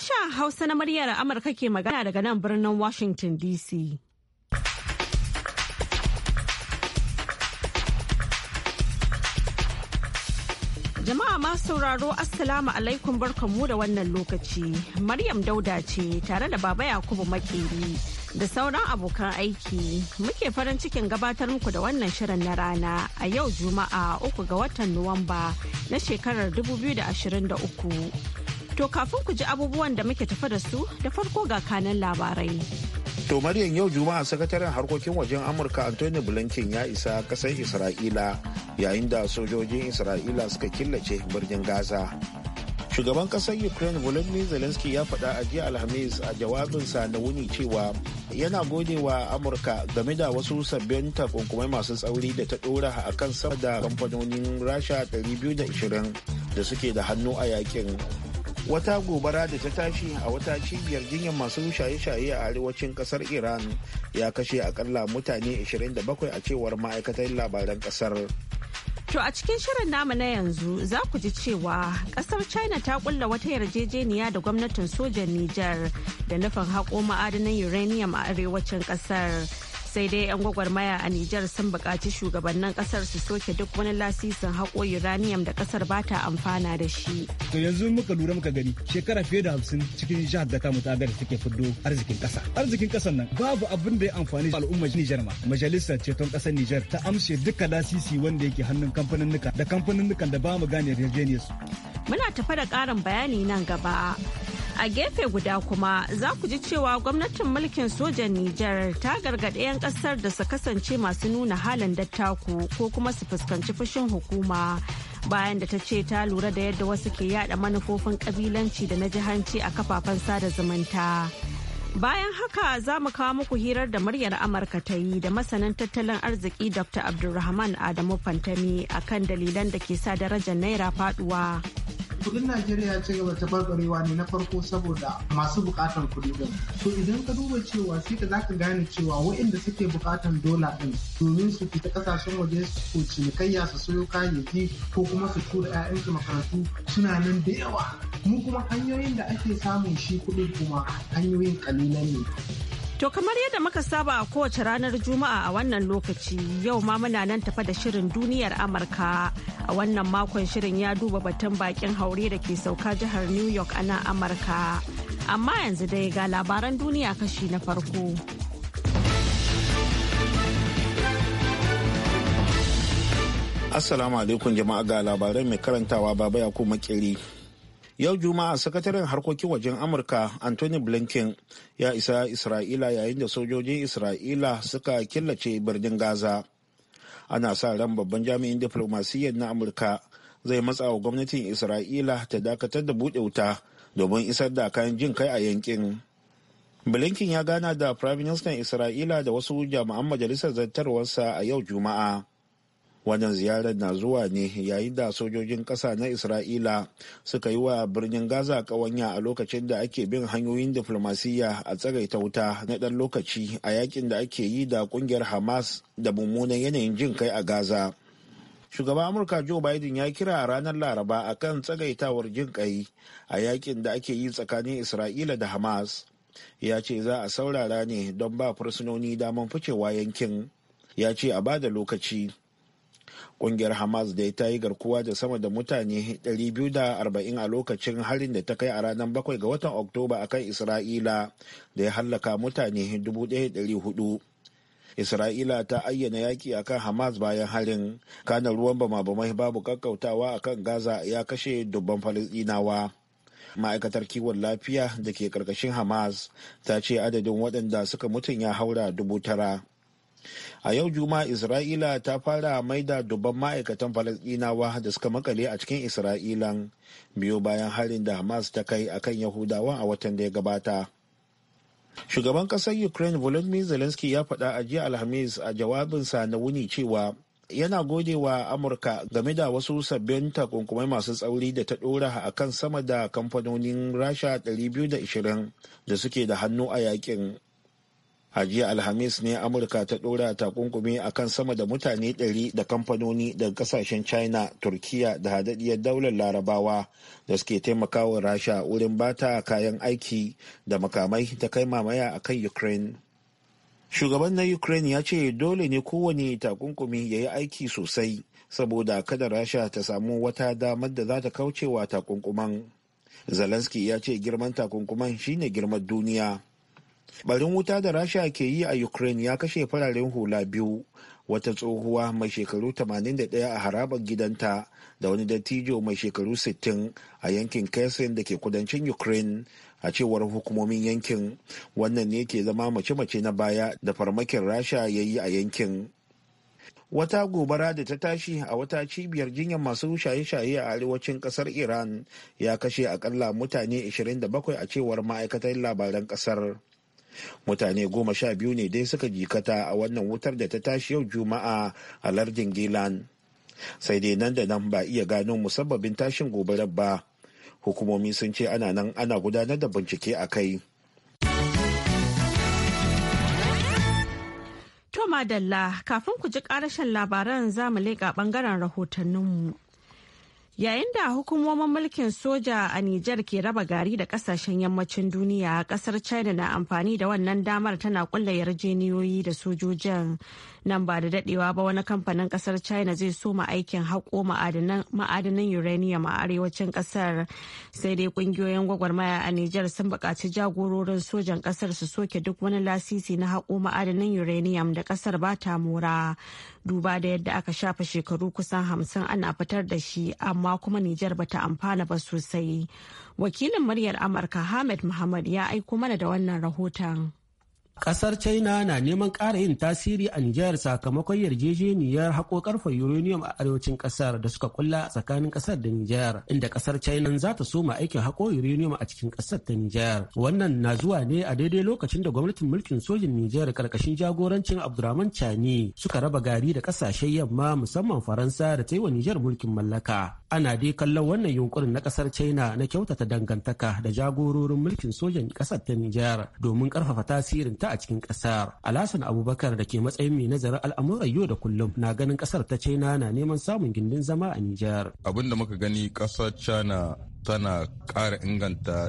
Sasha Hausa na muryar Amurka ke magana daga nan birnin Washington DC. Jama'a masu sauraro Assalamu alaikum barkanmu da wannan lokaci. Maryam Dauda ce tare da Baba Yakubu Makeri da sauran abokan aiki. Muke farin cikin gabatar muku da wannan shirin na rana a yau Juma'a 3 ga watan Nuwamba na shekarar 2023. To kafin ku ji abubuwan da muke tafa da su da farko ga kanan labarai. To Maryam yau Juma'a sakataren harkokin wajen Amurka antony Blinken ya isa kasar Isra'ila yayin da sojojin Isra'ila suka killace birnin Gaza. Shugaban kasar Ukraine Volodymyr Zelensky ya faɗa a jiya Alhamis a jawabinsa na wuni cewa yana gode wa Amurka game da wasu sabbin takunkumai masu tsauri da ta ɗora a kan sama da kamfanonin Rasha 220 da suke da hannu a yakin wata gobara da ta tashi a wata cibiyar jinyar masu shaye-shaye a arewacin kasar iran ya kashe akalla mutane 27 a cewar ma'aikatar labaran kasar To a cikin shirin namu na yanzu za ku ji cewa kasar China ta kulla wata yarjejeniya da gwamnatin sojan Nijar da nufin haƙo ma'adanan uranium a arewacin kasar. sai dai 'yan gwagwarmaya a Nijar sun buƙaci shugabannin ƙasar su soke duk wani lasisin haƙo uranium da ƙasar ba ta amfana da shi. To yanzu muka lura muka gani shekara fiye da hamsin cikin jihar da mutu tagar take fiddo arzikin ƙasa. Arzikin ƙasar nan babu abin da ya amfani al'ummar Nijar ma. Majalisar ceton ƙasar Nijar ta amshe duka lasisi wanda yake hannun kamfanin da kamfanin da ba mu gane yarjejeniyarsu. Muna tafa da ƙarin bayani nan gaba. A gefe guda kuma za ku ji cewa gwamnatin mulkin sojan Nijar ta gargaɗe 'yan ƙasar da su kasance masu nuna halin dattaku ko kuma su fuskanci fushin hukuma. Bayan da ta ce ta lura da yadda wasu ke yada manufofin kabilanci da na jihanci a kafafen sada zumunta. Bayan haka za mu kawo muku hirar da muryar Amurka ta yi da masanin tattalin arziki Dr. Abdulrahman Adamu Fantami akan dalilan da ke sa darajar Naira faduwa. kudin najeriya ya ci gaba ta barbarewa ne na farko saboda masu bukatan kudi din so idan ka duba cewa sai ka zaka gane cewa waɗanda suke bukatan dola din domin su fita kasashen waje su cinikayya su sayo kayayyaki ko kuma su tura 'ya'yansu makarantu suna nan da yawa mu kuma hanyoyin da ake samun shi kudin kuma hanyoyin kalilan ne To kamar yadda muka saba a kowace ranar Juma'a a wannan lokaci yau ma muna nan tafa da shirin duniyar Amurka a wannan makon shirin ya duba batun bakin haure da ke sauka jihar New York a nan Amurka. Amma yanzu dai ga labaran duniya kashi na farko. Assalamu alaikum jama'a ga labaran mai karantawa baba ya kuma makeri. yau juma'a sakataren harkokin wajen amurka anthony blinken ya isa isra'ila yayin da sojojin isra'ila suka killace birnin gaza ana sa ran babban jami'in diflomasiyyar na amurka zai matsa wa gwamnatin isra'ila ta dakatar da buɗe wuta domin isar da kayan jin kai a yankin blinken ya gana da firaministan isra'ila da wasu jami'an majalisar zartarwarsa a yau juma'a wannan ziyarar na zuwa ne yayin da sojojin ƙasa na isra'ila suka yi wa birnin gaza ƙawanya a lokacin da ake bin hanyoyin diflomasiyya a tsagaita wuta na ɗan lokaci a yakin da ake yi da ƙungiyar hamas da mummunan yanayin jin kai a gaza shugaban amurka joe biden ya kira a ranar laraba akan tsagaitawar jin kai a yakin da ake yi tsakanin isra'ila da hamas ya ce za a saurara ne don ba fursunoni daman ficewa yankin ya ce a bada lokaci Kungiyar Hamas dai ta yi garkuwa da sama da mutane 240 a lokacin harin da ta kai a ranar 7 ga watan Oktoba a kan Isra'ila da ya hallaka mutane 1,400. Isra'ila ta ayyana yaki a kan Hamas bayan harin, kanan ruwan bama-bamai babu kakkautawa a kan Gaza ya kashe dubban falisdinawa ma'aikatar kiwon lafiya da ke karkashin hamas ta ce adadin waɗanda suka mutum ya haura dubu tara a yau juma'a isra'ila ta fara maida dubban ma'aikatan falasdinawa da suka makale a cikin isra'ilan biyu bayan harin da hamas ta kai akan yahudawa a watan da ya gabata shugaban kasar ukraine volodymyr zelensky ya faɗa a jiya alhamis a jawabinsa na wuni cewa yana gode wa amurka game da wasu sabbin takunkumai masu tsauri da ta ɗora a kan sama da kamfanonin rasha 220 da suke da hannu a yakin a alhamis ne amurka ta ɗora takunkumi a kan sama da mutane 100 da kamfanoni daga kasashen china turkiya da hadaddiyar daular larabawa da suke taimakawa rasha wurin bata kayan aiki da makamai ta kai mamaya a kan ukraine shugaban na ukraine ya ce dole ne kowane takunkumi ya yi aiki sosai saboda kada rasha ta samu wata damar da za ta kaucewa takunkuman zelensky ya ce girman takunkuman shine girman duniya barin wuta da rasha ke yi a ukraine ya kashe fararen hula biyu wata tsohuwa mai shekaru 81 a harabar gidanta da wani dattijo mai shekaru 60 a yankin kesin da ke kudancin ukraine a cewar hukumomin yankin wannan ne ke zama mace-mace na baya da farmakin rasha ya yi a yankin wata gobara da ta tashi a wata cibiyar jinyar masu shaye-shaye a arewacin kasar iran ya kashe akalla mutane 27 a cewar ma'aikatar labaran kasar mutane goma sha biyu ne dai suka jikata a wannan wutar da ta tashi yau juma'a a lardin gilan sai dai nan da nan ba iya gano musabbabin tashin gobarar ba hukumomi sun ce ana nan ana gudanar da bincike a kai to madalla kafin ku ji karashin labaran zamu mu leƙa ɓangaren rahotanninmu. Yayin da hukumomin mulkin soja a Nijar ke raba gari da kasashen yammacin duniya, kasar China na amfani da wannan damar tana kulla yarjeniyoyi da sojojin. Nan ba da dadewa ba wani kamfanin kasar China zai soma aikin haƙo ma'adanan uranium a arewacin kasar. Sai dai kungiyoyin gwagwarmaya a Nijar sun bukaci jagororin sojan kasar su soke duk wani lasisi na haƙo ma'adanan uranium da kasar ba ta mora. Duba da yadda aka shafa shekaru kusan hamsin ana fitar da shi amma amma kuma Nijar ba ta amfana ba sosai. Wakilin muryar Amurka Hamid Muhammad ya aiko mana da wannan rahoton. Kasar China na neman ƙara yin tasiri a Nijar sakamakon yarjejeniyar haƙo ƙarfe uranium a arewacin ƙasar da suka kulla a tsakanin ƙasar da Nijar, inda ƙasar China za ta soma aikin haƙo uranium a cikin ƙasar ta Nijar. Wannan na zuwa ne a daidai lokacin da gwamnatin mulkin sojin Nijar karkashin jagorancin Abdurrahman Chani suka raba gari da ƙasashen yamma musamman Faransa da ta yi wa Nijar mulkin mallaka. Ana dai kallon wannan yunkurin na ƙasar China na kyautata dangantaka da jagororin mulkin sojan ƙasar ta Nijar domin ƙarfafa tasirin ta a cikin ƙasar. Alhassan Abubakar da ke matsayin mai nazarin al'amuran yau da kullum na ganin ƙasar ta China na neman samun gindin zama a Nijar. Abin da muka gani kasar China tana ƙara inganta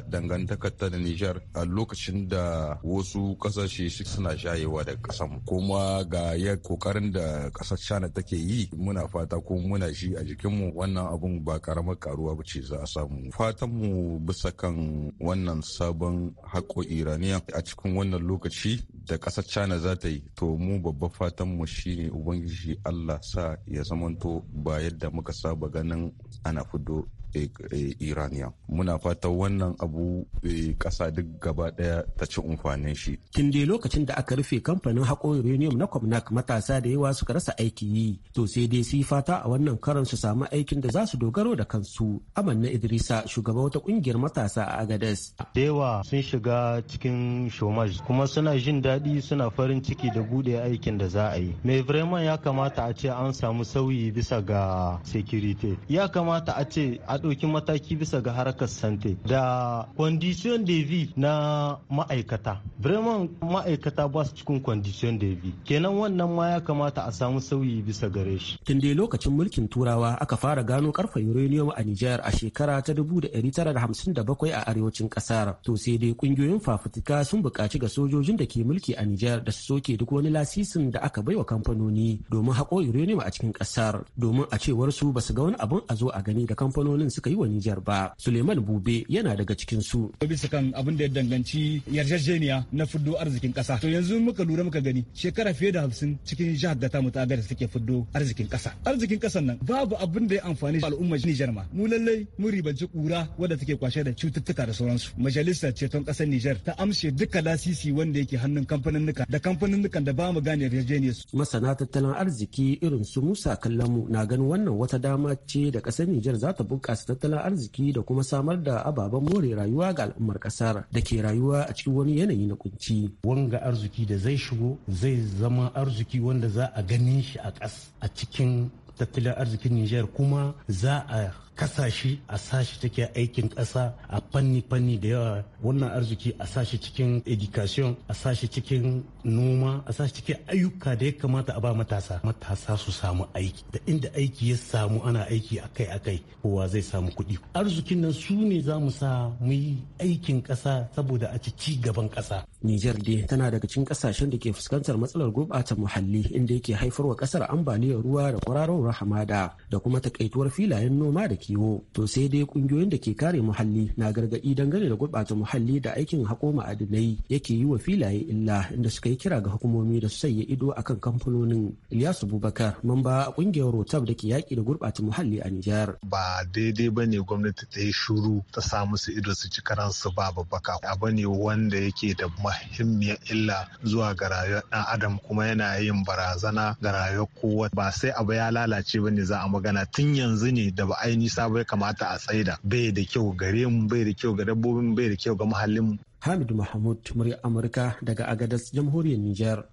ta da Nijar a lokacin da wasu ƙasashe suna shayewa da ƙasan kuma ga ya kokarin da ƙasar China take yi muna fata ko muna shi a jikinmu wannan abun ba karamar karuwa ba ce za a samu fatanmu bisa kan wannan sabon haƙo iraniya a cikin wannan lokaci da ƙasar China za ta yi to mu babban fatanmu shine ubangiji Allah sa ya zamanto ba yadda muka saba ganin ana fudo Eh, eh, iraniya muna fata wannan abu eh, ƙasa duk gaba ɗaya ta ci umfanin shi tun dai lokacin da aka rufe kamfanin haƙo uranium na kwamnak matasa da yawa suka rasa aiki yi to sai dai su fata a wannan karan su samu aikin da za su dogaro da kansu amanna idrisa shugaba wata ƙungiyar matasa a agades da yawa sun shiga cikin shomaj kuma suna jin daɗi suna farin ciki da buɗe aikin da za a yi mai vraiment ya kamata a ce an samu sauyi bisa ga security ya kamata a ce a ɗauki mataki bisa ga harkar sante da condition de vie na ma'aikata bremen ma'aikata ba su cikin condition de vie kenan wannan ma ya kamata a samu sauyi bisa gare shi tun dai lokacin mulkin turawa aka fara gano karfe uranium a Nijar a shekara ta 1957 a arewacin kasar to sai dai kungiyoyin fafutuka sun buƙaci ga sojojin da ke mulki a Nijar da su soke duk wani lasisin da aka baiwa kamfanoni domin haƙo uranium a cikin kasar domin a cewar su basu ga wani abun a zo a gani da kamfanonin dakarun suka yi wa Nijar ba. Suleiman Bube yana daga cikin su. Bisa kan abin da ya danganci yarjejeniya na fuddo arzikin kasa. To yanzu muka lura muka gani shekara fiye da hamsin cikin jihar da ta mutu agar suke fuddo arzikin kasa. Arzikin kasan nan babu abin da ya amfani al'ummar Nijar ma. Mu lallai mun ribanci kura wadda take kwashe da cututtuka da sauransu. Majalisar ceton kasar Nijar ta amshe duka lasisi wanda yake hannun kamfanin nuka da kamfanin kamfaninnukan da ba mu gane yarjejeniya su. Masana tattalin arziki irin su Musa Kallamu na ganin wannan wata dama ce da kasar Nijar za ta bunƙasa bunƙasa tattalin arziki da kuma samar da ababen more rayuwa ga al'ummar ƙasar da ke rayuwa a cikin wani yanayi na kunci. Wanga arziki da zai shigo zai zama arziki wanda za a ganin shi a ƙas a cikin tattalin arzikin Nijar kuma za a kasashe a sashi take aikin kasa a fanni-fanni da yawa wannan arziki a sashi cikin education a sashi cikin noma a sashi cikin ayyuka da ya kamata a ba matasa matasa su samu aiki da inda aiki ya samu ana aiki akai-akai kowa zai samu kuɗi arzikin nan su ne za mu sa mu yi aikin ƙasa saboda a ci ci gaban ƙasa Nijar dai tana daga cikin ƙasashen da ke fuskantar matsalar gurɓata muhalli inda yake haifarwa ƙasar ambaliyar ruwa da kwararowar hamada da kuma takaituwar filayen noma da ke kiwo to sai dai kungiyoyin da ke kare muhalli na gargaɗi dangane da gurɓata muhalli da aikin hako ma'adinai yake yi wa filaye illa inda suka yi kira ga hukumomi da su sanya ido a kan kamfanonin Ilyasu Bubakar mamba a kungiyar Rotab da ke yaƙi da gurɓata muhalli a Nijar. Ba daidai ba ne gwamnati ta yi shuru ta sa musu ido su ci karansu ba babbaka abu ne wanda yake da muhimmiyar illa zuwa ga rayuwar ɗan adam kuma yana yin barazana ga rayuwar kowa ba sai abu ya lalace ba ne za a magana tun yanzu ne da ba ainihin yasa bai kamata a tsaida bai da kyau gare mu bai da kyau ga dabbobin bai da kyau ga muhallin mu. Hamid Mahmud murya Amurka daga Agadas Jamhuriyar Niger.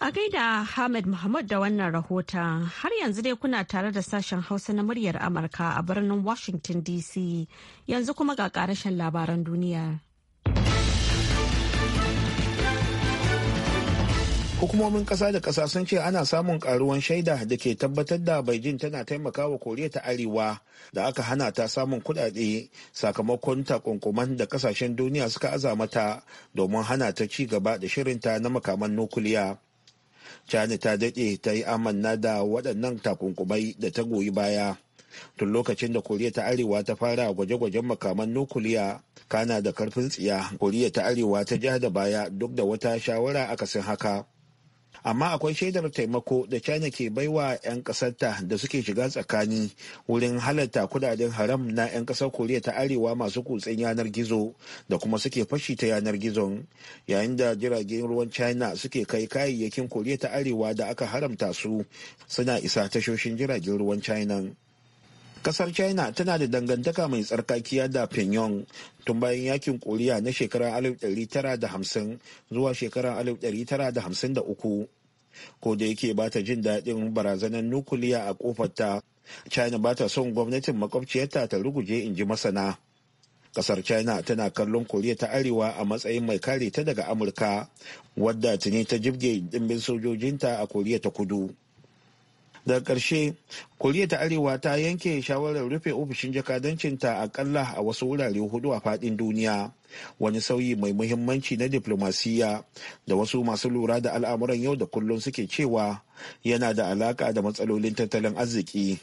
A gaida Hamid Mahmud da wannan rahoton har yanzu dai kuna tare da sashen Hausa na muryar Amurka a birnin Washington DC yanzu kuma ga karashen labaran duniya. hukumomin kasa da kasa sun ce ana samun karuwan shaida da ke tabbatar da beijing tana taimakawa koriya ta arewa da aka hana ta samun kudade sakamakon takunkuman da kasashen duniya suka aza mata domin hana ta ci gaba da shirinta na makaman nukuliya china ta dade ta yi amanna da waɗannan takunkumai da ta goyi baya tun lokacin da koriya ta arewa ta fara gwaje-gwajen makaman nukuliya kana da karfin tsiya koriya ta arewa ta ja da baya duk da wata shawara akasin haka amma akwai shaidar taimako da china ke baiwa 'yan kasarta da suke shiga tsakani wurin halarta kudaden haram na 'yan kasar koriya ta arewa masu kutsen yanar gizo da kuma suke fashi ta yanar gizon yayin da jiragen ruwan china suke kai kayayyakin koriya ta arewa da aka haramta su suna isa tashoshin jiragen ruwan china kasar china tana da dangantaka mai tsarkakiya da pyongyang tun bayan yakin koriya na shekarar 1950 zuwa shekarar 1953 ko da yake ba ta jin daɗin barazanar nukuliya a kofarta china ba ta son gwamnatin makwabciyarta ta ruguje in ji masana kasar china tana kallon koriya ta arewa a matsayin mai kare ta daga amurka wadda tuni ta jibge dimbin sojojinta a koriya ta kudu daga ƙarshe koriya ta arewa ta yanke shawarar rufe ofishin jakadancinta aƙalla a wasu wurare hudu a faɗin duniya wani sauyi mai muhimmanci na diplomasiya da wasu masu lura da al'amuran yau da kullum suke cewa yana da alaka da matsalolin tattalin arziki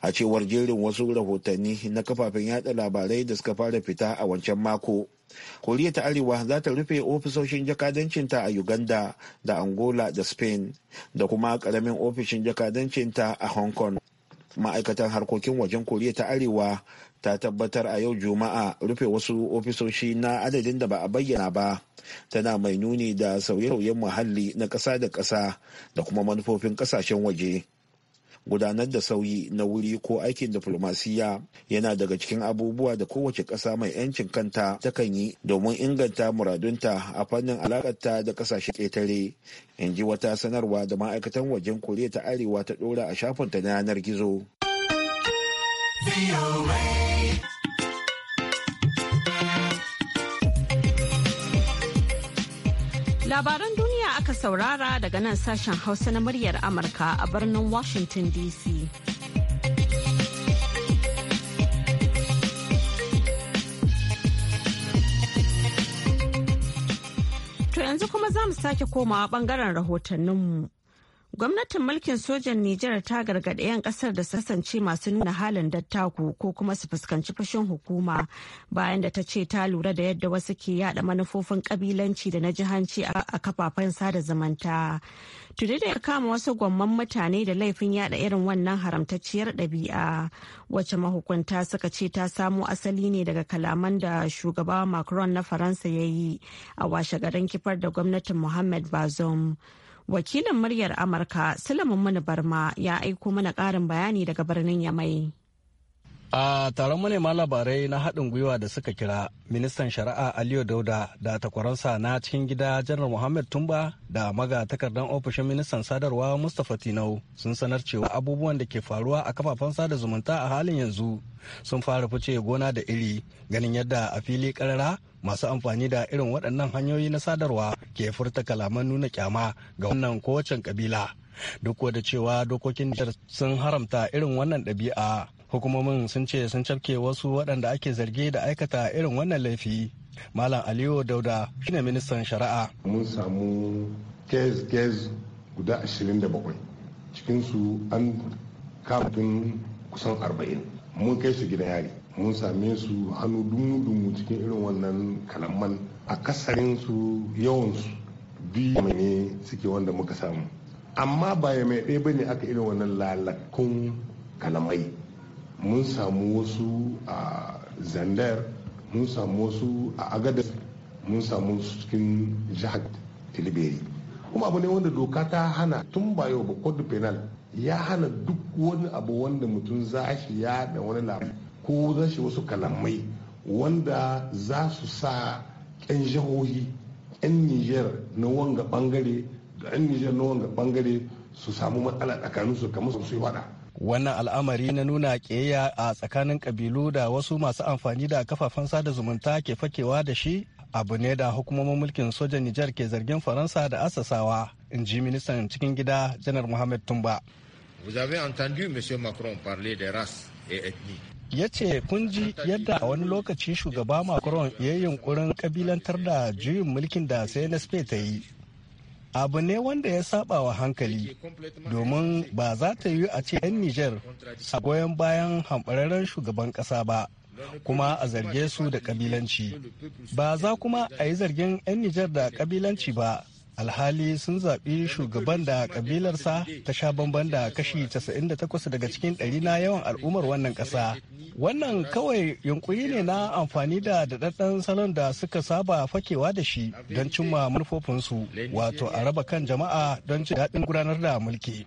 a cewar jerin wasu rahotanni na kafafen yada labarai da suka fara fita a wancan mako koriya ta arewa za ta rufe ofisoshin jakadancinta a uganda da angola da spain da kuma karamin ofishin jakadancinta a hong kong ma'aikatan harkokin wajen koriya ta arewa ta tabbatar a yau juma'a rufe wasu ofisoshi na adadin da ba a bayyana ba tana mai nuni da sauye-sauyen muhalli na ƙasa da ƙasa da kuma manufofin ƙasashen waje gudanar da sauyi na wuri ko aikin diflomasiyya yana daga cikin abubuwa da kowace ƙasa mai 'yancin kanta takan yi domin inganta muradunta a fannin alakarta da ƙasashen ƙetare in ji wata sanarwa da ma'aikatan wajen koriya ta arewa ta ɗora a shafin ta na yanar gizo. Labaran duniya Ka saurara daga nan sashen Hausa na muryar Amurka a birnin Washington DC. To yanzu kuma za mu sake komawa bangaren rahotanninmu. Gwamnatin mulkin sojan Nijar ta gargaɗe 'yan ƙasar da su kasance masu nuna halin dattaku ko kuma su fuskanci fashin hukuma bayan da ta ce ta lura da yadda wasu ke yada manufofin kabilanci da na jihanci a kafafen sada zamanta. Tuni da ya kama wasu gwamman mutane da laifin yada irin wannan haramtacciyar ɗabi'a wacce mahukunta suka ce ta samo asali ne daga kalaman da shugaba Macron na Faransa ya yi a washe garin kifar da gwamnatin Mohamed Bazoum. wakilin muryar amurka sulaiman muni barma ya aiko mana karin bayani daga birnin yamai a taron manema labarai na haɗin gwiwa da suka kira ministan shari'a aliyu dauda da takwaransa na cikin gida janar muhammad tumba da maga takardar ofishin ministan sadarwa mustapha tinau sun sanar cewa abubuwan da ke faruwa a kafafen sada zumunta a halin yanzu sun fara fice gona da iri ganin yadda a fili karara masu amfani da irin waɗannan hanyoyi na sadarwa ke furta kalaman nuna kyama ga wannan kowacen kabila duk da cewa dokokin sun haramta irin wannan ɗabi'a hukumomin sun ce sun cafke wasu waɗanda ake zarge da aikata irin wannan laifi malam aliyu dauda shine ministan shari'a mun samu kes-kes guda 27 cikinsu an kafin kusan 40 mun kai su gidan yari mun same su hannu dumu-dumu cikin irin wannan kalamman kasarin su yawansu biyu ne suke wanda muka samu amma ba ya mai ɗaya bane aka irin wannan lalakun kalamai mun samu wasu a zandar mun samu wasu a agadas mun samu cikin jihar tilibiri kuma abu ne wanda doka ta hana tun ba yau ba kodu penal ya hana duk wani abu wanda mutum za shi ya da wani labari ko za shi wasu kalamai wanda za su sa 'yan jihohi 'yan nijar na wanga bangare da 'yan nijar na wanga bangare su samu matsala tsakaninsu kamar su yi wada wannan al'amari na nuna ƙiyayya a tsakanin kabilu da wasu masu amfani da kafafen sada zumunta ke fakewa da shi abu ne da hukumomin mulkin sojan nijar ke zargin faransa da asasawa in ji ministan cikin gida janar muhammad tumba Vous avez entendu ya ce kun ji yadda a wani lokaci shugaba macron ya yi yunkurin kabilantar da juyin mulkin da cnsp ta yi abu ne wanda ya saba wa hankali domin ba za ta yi a ce 'yan Nijar a goyon bayan hamɓararren shugaban ƙasa ba kuma a zarge su da ƙabilanci. Ba za kuma a yi zargin 'yan Nijar da ƙabilanci ba alhali sun zaɓi shugaban da ƙabilarsa ta sha bamban da kashi 98 daga cikin ɗari na yawan al'ummar wannan ƙasa wannan kawai yunkuri ne na amfani da daɗaɗɗen salon da suka saba fakewa da shi don cimma manufofinsu wato a raba kan jama'a don ci daɗin gudanar da mulki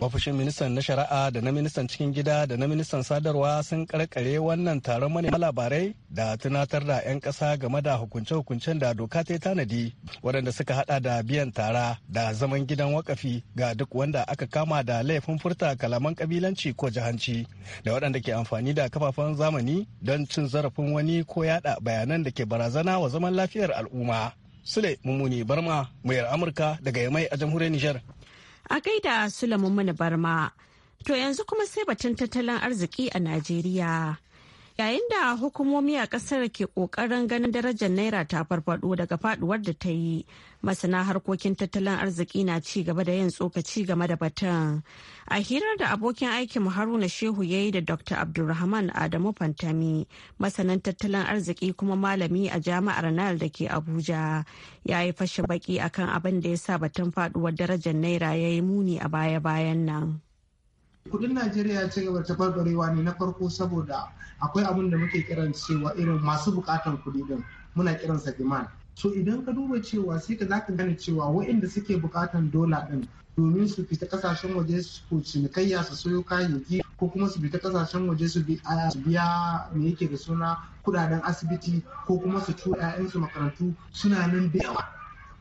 ofishin ministan na shari'a da na ministan cikin gida da na ministan sadarwa sun karkare wannan taron manema labarai da tunatar da 'yan ƙasa game da hukunce-hukuncen da doka ta yi tanadi waɗanda suka hada da biyan tara da zaman gidan wakafi ga duk wanda aka kama da laifin furta kalaman kabilanci ko jahanci da waɗanda ke amfani da kafafen zamani don cin zarafin wani ko yada bayanan da ke barazana wa zaman lafiyar al'umma. Sule Mummuni Barma, muyar Amurka daga Yamai a jamhuriyar Nijar. A gaida Sule Mummuni Barma, to yanzu kuma sai batun tattalin arziki a Najeriya. yayin da hukumomi a kasar ke kokarin ganin darajar naira ta farfado daga faduwar da ta yi masana harkokin tattalin arziki na ci gaba da yin tsokaci game da batun a hirar da abokin aikin haruna shehu ya yi da dr abdulrahman adamu fantami masanin tattalin arziki kuma malami a jami'ar nal da ke abuja ya yi fashe baki akan abin da ya sa batun faduwar darajar naira ya yi muni a baya-bayan nan kudin najeriya ya ci gaba ta farfarewa ne na farko saboda akwai abin da muke kiran cewa irin masu bukatan kudi din muna kiransa demand so idan ka duba cewa sai ka zaka gane cewa waɗanda suke bukatan dola din domin su fita kasashen waje su cinikayya su sayo kayayyaki ko kuma su fita kasashen waje su biya me yake da suna kudaden asibiti ko kuma su tura 'ya'yansu makarantu suna nan da yawa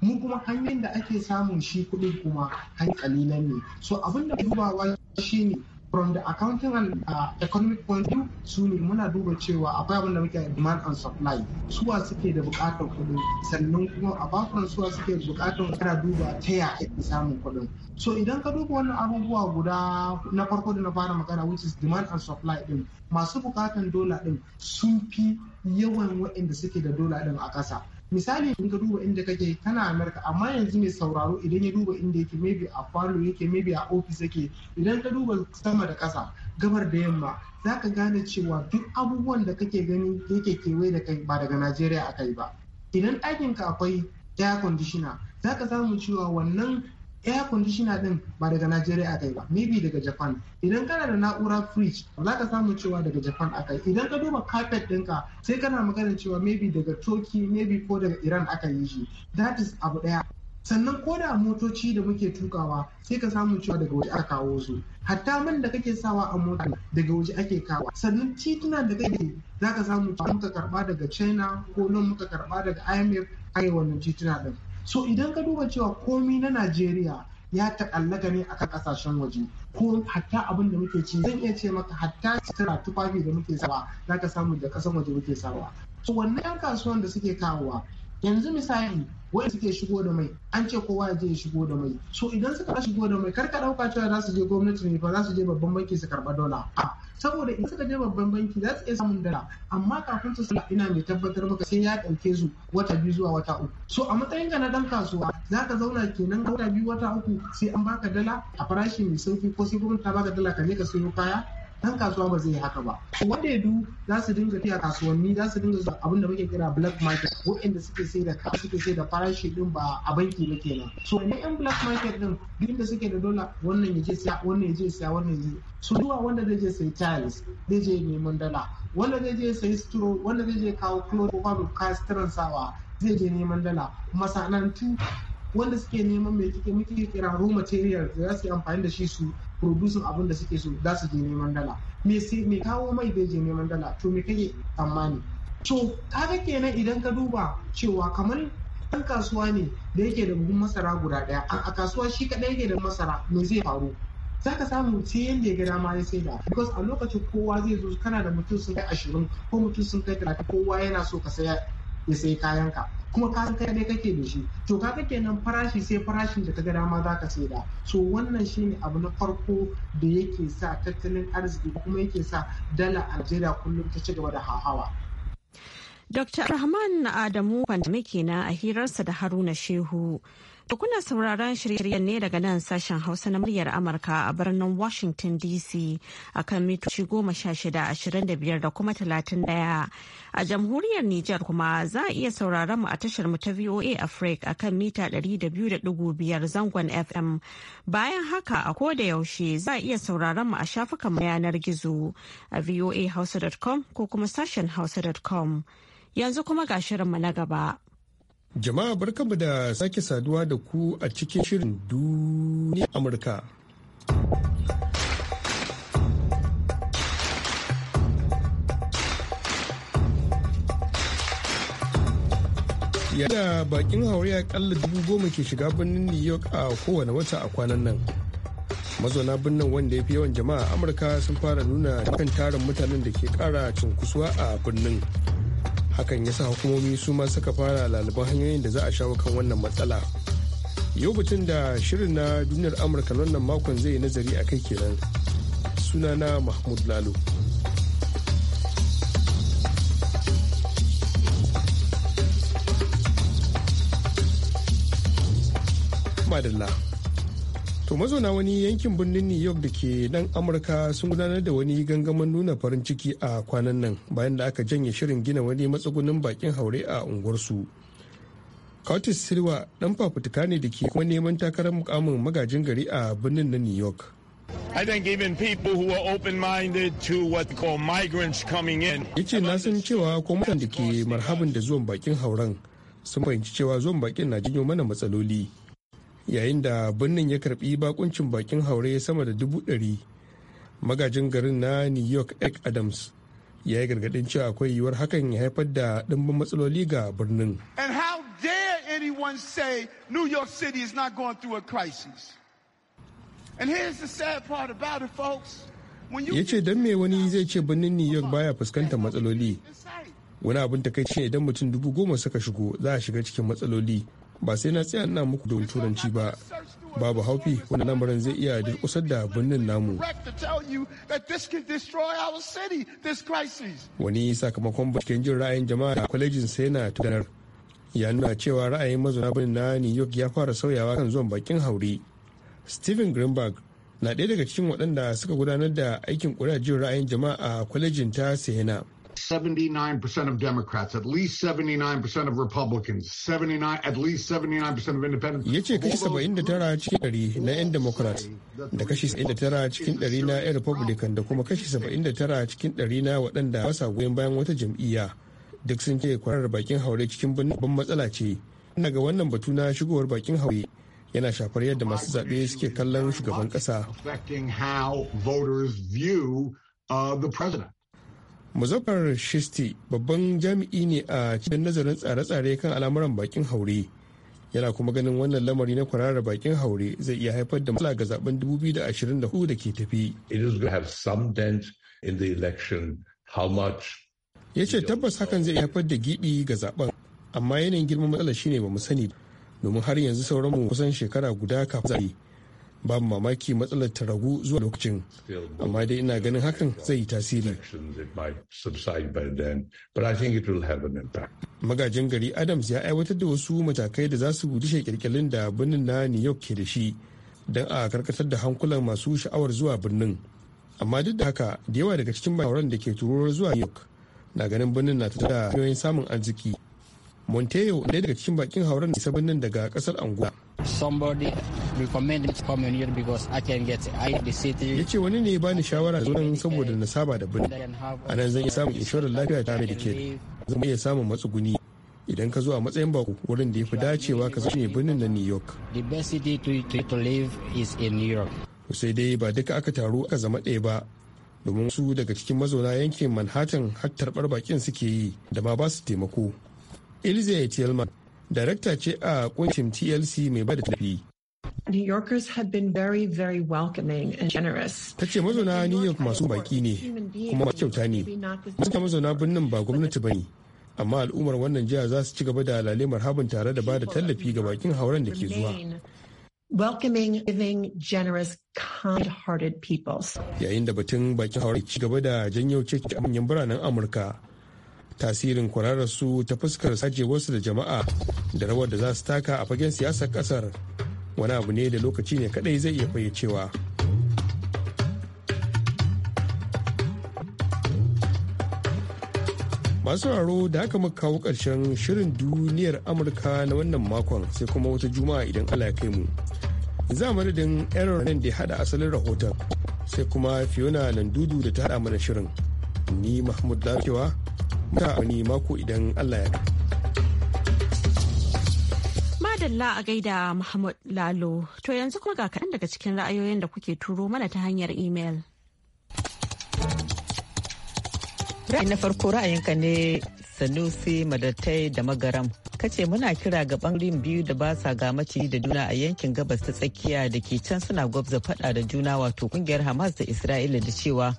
mu kuma hanyar da ake samun shi kuɗin kuma hanyar kalilan ne so abin da dubawa ne from the accounting and uh, economic point of view su ne muna duba cewa akwai abin da muke demand and supply suwa suke da bukatar kuɗin sannan kuma a bakon suwa suke bukatar kana duba ta ya ake samun kuɗin so idan ka duba wannan abubuwa guda na farko da na fara magana which is demand and supply din masu bukatan dola din sun fi yawan waɗanda suke da dola din a ƙasa misali in ka duba inda kake kana amurka amma yanzu mai sauraro idan ya duba inda yake maybe a kwano yake maybe a ofis yake idan ka duba sama da ƙasa gabar da yamma za ka gane cewa duk abubuwan da kake gani yake kewaye da kai ba daga najeriya a kai ba idan ɗakinka akwai air conditioner za ka samu cewa wannan air conditioner din ba daga Najeriya aka yi ba maybe daga Japan idan kana da na'ura fridge za ka samu cewa daga Japan aka yi idan ka duba carpet ɗinka sai kana magana cewa maybe daga Turkey maybe ko daga Iran aka yi shi that is abu daya sannan ko da motoci da muke tukawa sai ka samu cewa daga waje aka kawo su hatta man da kake sawa a mota daga waje ake kawo sannan tituna da kake za ka samu cewa muka karba daga china ko nan muka karba daga imf a wannan tituna din so idan ka duba cewa komi na najeriya ya ta'allaka ne akan kasashen waje ko hatta abin da muke ci zan iya ce maka hatta sutura tufafi da muke sawa za ka samu da kasan waje muke sawa so wannan yan kasuwan da suke kawowa yanzu misali wai suke shigo da mai an ce kowa ya je ya shigo da mai so idan suka shigo da mai karka dauka cewa za su je gwamnati ne ba za su je babban banki su karba dola saboda idan suka je babban banki za su iya samun dala amma kafin su sa ina mai tabbatar maka sai ya ɗauke su wata biyu zuwa wata uku so a matsayin ka na dan kasuwa za ka zauna kenan wata biyu wata uku sai an baka dala a farashi mai sauki ko sai gwamnati ta baka dala ka je ka sayo kaya dan kasuwa ba zai yi haka ba wanda du za su dinga fiya kasuwanni za su dinga zuwa abin da muke kira black market waɗanda suke sai da suke sai da farashi din ba a banki ba kenan so ne yan black market din duk da suke da dola wannan ya je siya wannan ya je siya wannan ya je su duwa wanda zai je sai tiles zai je neman dala wanda zai je sai stro wanda zai je kawo clothes ko kuma kayan sawa zai je neman dala masana'antu wanda suke neman mai kike muke kira raw material da za su yi amfani da shi su producing abin da suke so za su je neman dala me me kawo mai bai je neman dala to me kake tsammani to kaga kenan idan ka duba cewa kamar ɗan kasuwa ne da yake da buhun masara guda ɗaya a kasuwa shi kaɗai yake da masara me zai faru za ka samu sai yanda ya ga dama ya saida because a lokacin kowa zai zo kana da mutum sun kai ashirin ko mutum sun kai talatin kowa yana so ka saya ya sai kayan ka kuma ka san kai ne kake da shi to ka kake nan farashi sai farashin da ka ga dama za ka saida so wannan shine abu na farko da yake sa tattalin arziki kuma yake sa dala Najeriya kullum ta ci gaba da hahawa Dr. Rahman Adamu wanda muke na a hirarsa da Haruna Shehu. Kuna sauraron shirye-shiryen ne daga nan sashen Hausa na muryar Amurka a birnin Washington DC a kan mitoci goma sha shida ashirin da biyar da kuma talatin daya. A jamhuriyar Nijar kuma za a iya sauraron mu a tashar mu ta VOA Africa a kan mita ɗari da biyu da ɗigo biyar zangon FM. Bayan haka a ko da yaushe za a iya sauraron mu a shafukan yanar gizo a voahausa.com ko kuma sashen hausa.com. Yanzu kuma ga shirinmu na gaba. Jama'a barkanmu da sake saduwa da ku a cikin shirin duniya Amurka. Yada bakin ya kalla dubu goma ke shiga birnin New York a kowane wata a kwanan nan. mazauna birnin wanda ya fi yawan jama'a amurka sun fara nuna kan tarin mutanen da ke kara cunkusuwa a birnin hakan ya sa hukumomi su ma suka fara lalaban hanyoyin da za a shawo kan wannan matsala yau batun da shirin na duniyar amurka wannan makon zai nazari a kai kenan sunana mahmud lalo madalla To mazauna wani yankin birnin New York da ke nan Amurka sun gudanar da wani gangamin nuna farin ciki a kwanan nan bayan da aka janye shirin gina wani matsugunin bakin haure a unguwarsu. Curtis Silva dan fafutuka ne da ke kuma neman takarar mukamin magajin gari a birnin na New York. I think even people who are open-minded to what they call migrants coming in. Yace na san cewa ko mutan da ke marhabin da zuwan bakin hauren sun fahimci cewa zuwan bakin na janyo mana matsaloli. yayin da birnin ya karbi bakuncin bakin haure sama da dubu ɗari magajin garin na new york ek adams ya yi gargadin cewa akwai yiwuwar hakan ya haifar da ɗimbin matsaloli ga birnin ya ce don me wani zai ce birnin new york baya fuskantar matsaloli wani abin takaici idan mutum dubu goma suka shigo za a shiga cikin matsaloli ba sai na tsaya ina muku don turanci ba babu haufi wanda lamarin zai iya durkusar da birnin namu wani sakamakon binciken jin ra'ayin jama'a da kwalejin sena ta ganar ya nuna cewa ra'ayin mazauna birnin na new york ya fara sauyawa kan zuwan bakin haure steven greenberg na ɗaya daga cikin waɗanda suka gudanar da aikin jin ra'ayin jama'a a kwalejin ta sena 79% of Democrats, at least 79% of Republicans, 79 at least 79% of independents. Ya ce kashi 79 cikin ɗari na 'yan Democrats da kashi 79 cikin ɗari na 'yan Republican da kuma kashi 79 cikin ɗari na waɗanda ba sa goyon bayan wata jam'iyya duk sun ce kwarar bakin haure cikin babban matsala ce. Ina ga wannan batu na shigowar bakin haure yana shafar yadda masu zaɓe suke kallon shugaban ƙasa. muzaffar shisti babban jami'i ne a cikin nazarin tsare-tsare kan al'amuran bakin haure yana kuma ganin wannan lamari na kwararar bakin haure zai iya haifar da matsala ga zaben 2024 da ke tafi ya ce tabbas hakan zai haifar da gibi ga zaben amma yanayin girman matsala shine ba mu sani domin har yanzu sauranmu kusan shekara guda kafin zaɓe babu mamaki matsalar ta ragu zuwa lokacin amma dai ina ganin hakan zai yi tasiri magajin gari adams ya aiwatar da wasu matakai da za su rushe kirkirin da birnin na new york ke da shi don a karkatar da hankulan masu sha'awar zuwa birnin amma duk da haka da yawa daga cikin bayan da ke turuwar zuwa new york na ganin birnin na tattara hanyoyin samun arziki monteo ɗaya daga cikin bakin hauren isa birnin daga kasar angola somebody recommend me to come in here because I can get I the city. Yace wani ne ya bani shawara zo nan saboda na saba da birni. A nan zan iya samun inshorar lafiya ta Medicare. Zan iya samun matsuguni idan ka zo a matsayin bako wurin da ya fi dacewa ka ne birnin na New York. The best city to, to, live is in New York. Sai dai ba duka aka taru aka zama ɗaya ba domin su daga cikin mazauna yankin Manhattan har tarbar bakin suke yi da ma ba su taimako. Elizabeth Yelman darakta ce a kunshin TLC mai bada tafi. New Yorkers have been very, very welcoming and generous. Ta ce mazauna New York masu baki ne, kuma masu kyauta ne. Masu mazauna birnin ba gwamnati ba ne. Amma al'ummar wannan jiha za su ci gaba da lalemar habin tare da ba da tallafi ga bakin hauren da ke zuwa. welcoming, giving, generous, kind-hearted peoples. Yayin da batun bakin hauren ci gaba da janyo cikin manyan biranen Amurka tasirin su ta fuskar sajewarsu da jama'a da rawar da za su taka a fagen siyasar kasar wani abu ne da lokaci ne kadai zai iya fayyacewa masu sauraro da aka muka kawo ƙarshen shirin duniyar amurka na wannan makon sai kuma wata juma'a idan allah ya kai mu za madadin aaron nan da ya hada asalin rahoton sai kuma fiona nan dudu da ta hada mana shirin ni mahmud lafiya ta wani mako idan Allah ya Madalla a gaida Muhammad Lalo, to yanzu kuma ga kaɗan daga cikin ra'ayoyin da kuke turo mana ta hanyar imel. Ra'ayi na farko ra'ayinka ne Sanusi Madattai da Magaram. Kace muna kira ga ɓangaren biyu da ba sa gamaci da juna a yankin gabas ta tsakiya da ke can suna gwabza fada da juna wato kungiyar Hamas da Isra'ila da cewa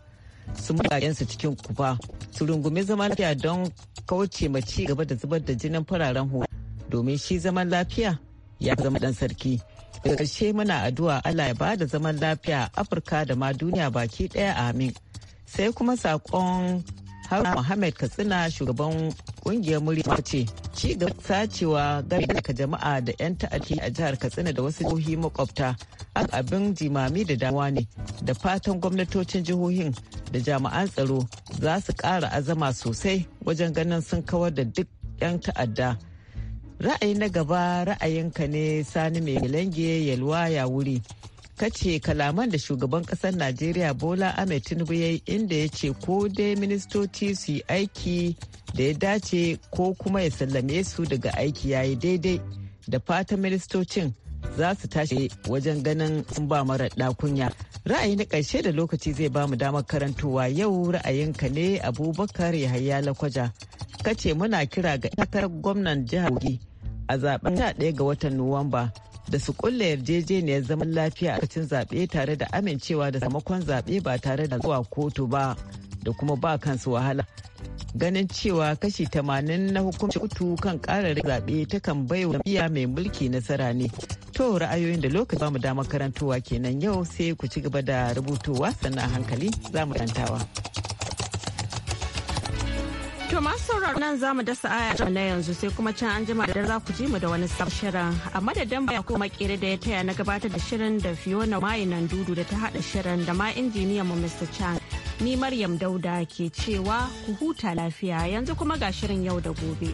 su mazajensu cikin kufa su rungumi zaman lafiya don kauce ma gaba da zubar da jinin fararen hu domin shi zaman lafiya ya zama dan sarki daga ƙarshe mana addu'a Allah ya bada zaman lafiya a Afirka da ma duniya baki ɗaya amin sai kuma saƙon Haruna Muhammad Katsina shugaban kungiyar murya ta ce ci gaba sacewa game da jama'a da 'yan ta'addi a jihar katsina da wasu jihohi makwabta abin jimami da damuwa ne da fatan gwamnatocin jihohin da jami'an tsaro za su ƙara azama sosai wajen ganin sun kawar da duk 'yan ta'adda ra'ayi na gaba ra'ayinka ne sani mai lange yalwa ya wuri kace kalaman da shugaban kasar najeriya bola ahmed tinubu ya yi inda ya ce ko dai ministoci su yi aiki da ya dace ko kuma ya sallame su daga aiki ya yi daidai da fata ministocin za su tashi wajen ganin sun ba mara ɗakunya. Ra'ayi na karshe da lokaci zai ba mu damar karantowa yau ra'ayinka ne Abubakar Yahaya Lakwaja. Kace muna kira ga takarar gwamnan jihar a zaben 11 ga watan Nuwamba da su kulle yarjejeniyar zaman lafiya a lokacin zaɓe tare da amincewa da samakon zaɓe ba tare da zuwa kotu ba da kuma ba kansu wahala. Ganin cewa kashi tamanin na hukumci kutu kan ƙarar zaɓe ta kan baiwa jam'iyya mai mulki nasara ne. To ra'ayoyin da lokaci ba mu da karantowa kenan yau sai ku ci gaba da rubutuwa sannan hankali za mu sauraro nan za mu dasa aya na yanzu sai kuma can an jima da za ku ji mu da wani sabon shirin a madadin baya kuma kere da ya taya na gabatar da shirin da Fiona Mai nan dudu da ta hada shirin da ma injiniyan mu Mr. Chan. Ni Maryam Dauda ke cewa ku huta lafiya yanzu kuma ga shirin yau da gobe.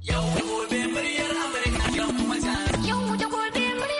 Yo.